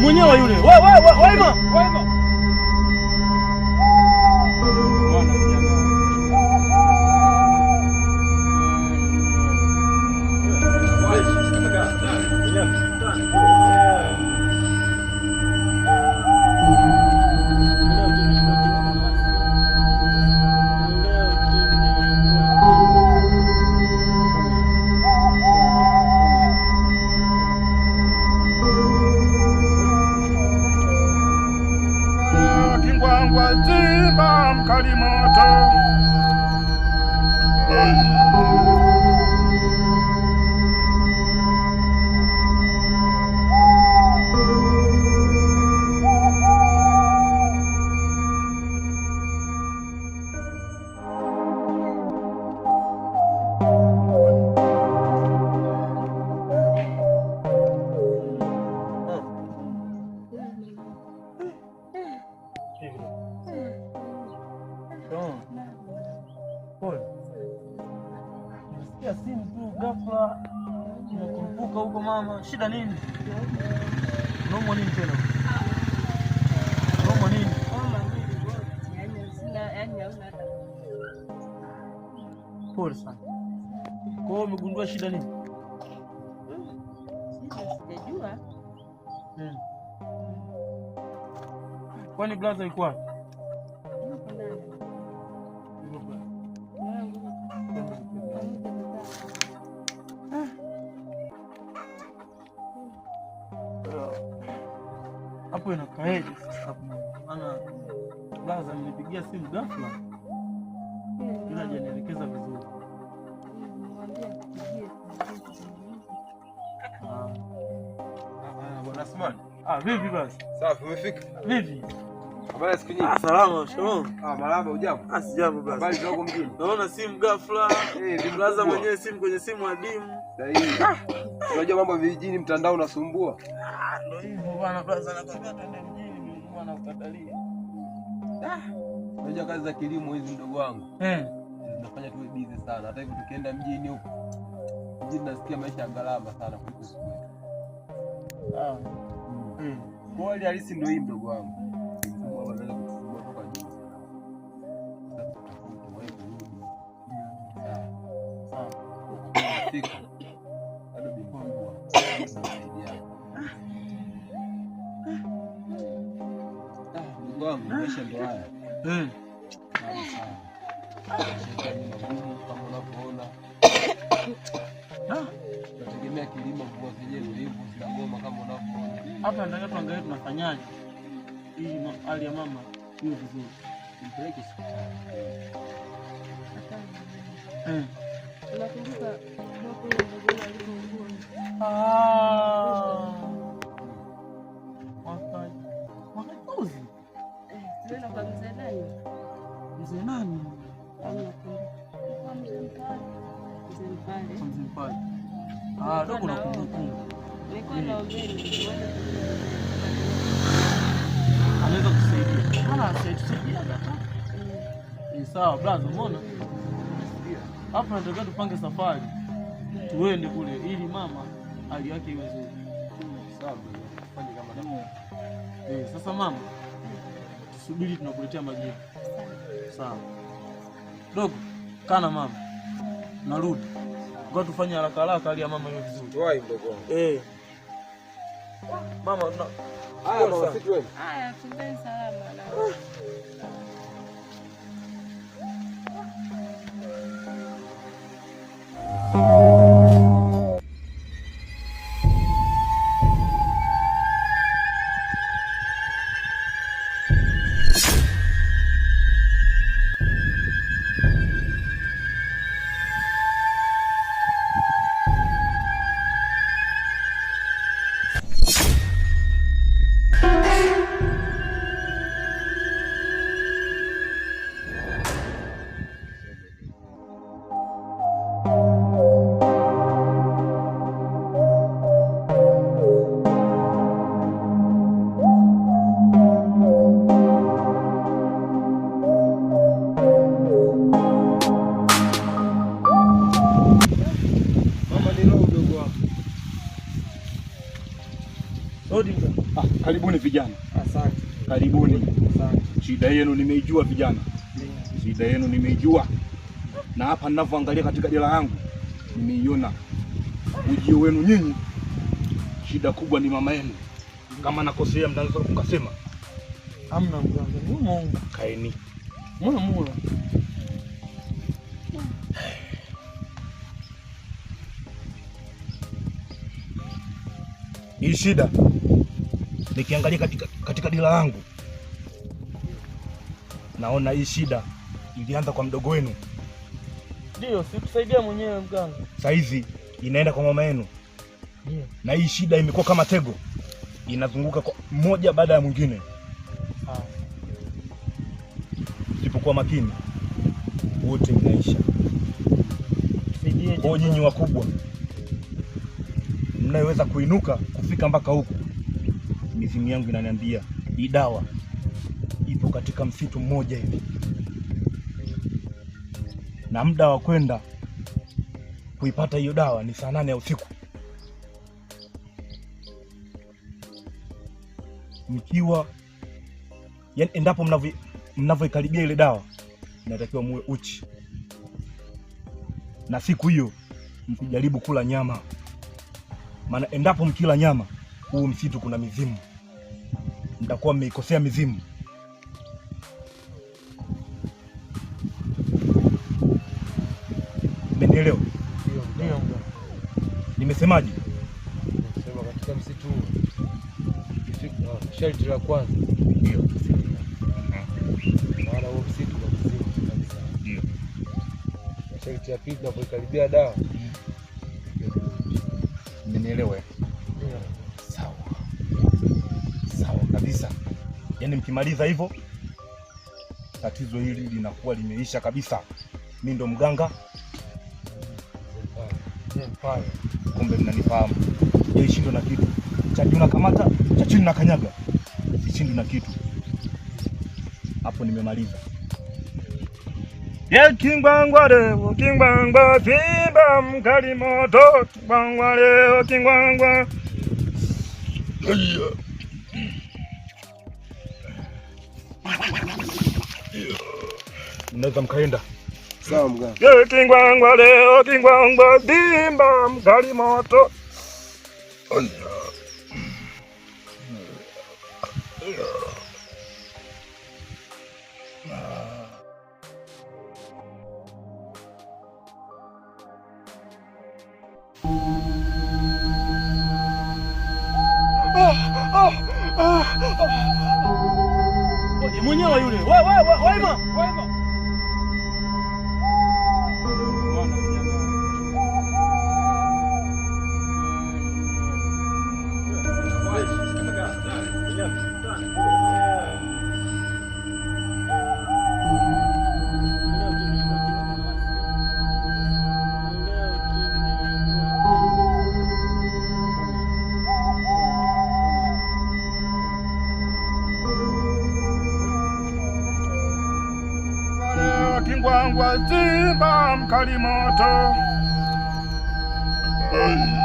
mwenyewe yule. Wema, Wema. Animal. mama, shida nini? Unaumwa nini tena? Unaumwa nini? Pole sana. Kwa hiyo umegundua shida nini? Sijajua. Hmm. Kwani blaza ilikuwa yako inakaeje sasa? Maana blaza nilipigia simu ghafla, ila hajanielekeza vizuri. Ah. Ah, bwana Asmani, ah, vipi basi? Safi, umefika vipi? Habari siku nyingi. Ah, salama, shalom. Ah, marhaba, hujambo? Ah, sijambo basi. Habari zako mjini? Naona simu ghafla. Eh, dimlaza mwenyewe simu kwenye simu adimu. Sahihi. Unajua mambo ya vijijini, mtandao unasumbua. Ah, ndio hivyo bwana, blaza anakwambia twende mjini, bwana ukatalia. Ah. Unajua kazi za kilimo hizi mdogo wangu. Eh. Zinafanya tuwe busy sana. Hata hivi tukienda mjini huko. Mjini nasikia maisha ya gharama sana kuliko siku. Ah. Mm. mm. Kweli halisi ndio hii mdogo wangu. Ah, eh. ah. Tunategemea kilimo kwa vyenyewe hivyo zina ngoma kama unavyoona hapa. Nataka tuangalie tunafanyaje hii hali ya mama hiyo vizuri, mpeleke hospitali. Nakumbuka mwakajuzi tulienda kwa mzee nani, mzee nani, mzee Mpale. Ah, dogo na kumbukumbu nilikuwa na ugeni anaweza kusaidia, tusaidia sawa, brazo, mbona hapo natakiwa tupange safari tuende kule, ili mama hali yake iwe nzuri. Eh, sasa mama, tusubiri, tunakuletea majibu. Sawa dogo, kana mama, narudi ngoja tufanye haraka haraka, hali ya mama iwe vizuri. Toa hiyo dogo. Eh mama, haya, tembeni salama. Ah. Karibuni vijana, asante. Karibuni, asante. Shida yenu nimeijua vijana, shida yenu nimeijua, na hapa ninavyoangalia katika jela yangu nimeiona ujio wenu nyinyi. Shida kubwa ni mama yenu. Kama nakosea, mnaweza kukasema. Hamna mganga, ni Mungu. Kaeni mwana mula hii shida nikiangalia katika, katika dira langu naona hii shida ilianza kwa mdogo wenu. Ndio, sikusaidia mwenyewe mganga. hizi inaenda kwa mama yenu na hii shida imekuwa kama tego inazunguka kwa mmoja baada ya mwingine. Ah. sipokuwa makini wote mnaisha. Nyinyi wakubwa mnayeweza kuinuka kufika mpaka huku mizimu yangu inaniambia hii dawa ipo katika msitu mmoja hivi, na muda wa kwenda kuipata hiyo dawa ni saa nane ya usiku. Mkiwa yani, endapo mnavyoikaribia ile dawa, natakiwa muwe uchi, na siku hiyo mkijaribu kula nyama, maana endapo mkila nyama, huu msitu kuna mizimu mtakuwa mmeikosea mizimu. Umenielewa? Ndio. Nimesemaje? Nimesema katika msitu ah, sharti la kwanza ndio maana huo msitu na mzimu kabisa. Ndio. Sharti ya pili na kuikaribia dawa. Umenielewa? Mm. Yaani mkimaliza hivyo tatizo hili linakuwa limeisha kabisa. Mimi ndo mganga, kumbe mnanifahamu. ishindo na kitu cha juu nakamata, cha chini na kanyaga, na kitu hapo. Nimemaliza ye kingwangwa leo kingwangwa vimba mkali moto kingwangwa leo kingwangwa mnaweza mkaenda. Sawa mganga. Kingwangwa leo kingwangwa dimba mgali moto. Mwenyewe yule. Wewe wewe wewe. was Jim Kalimoto. Hey.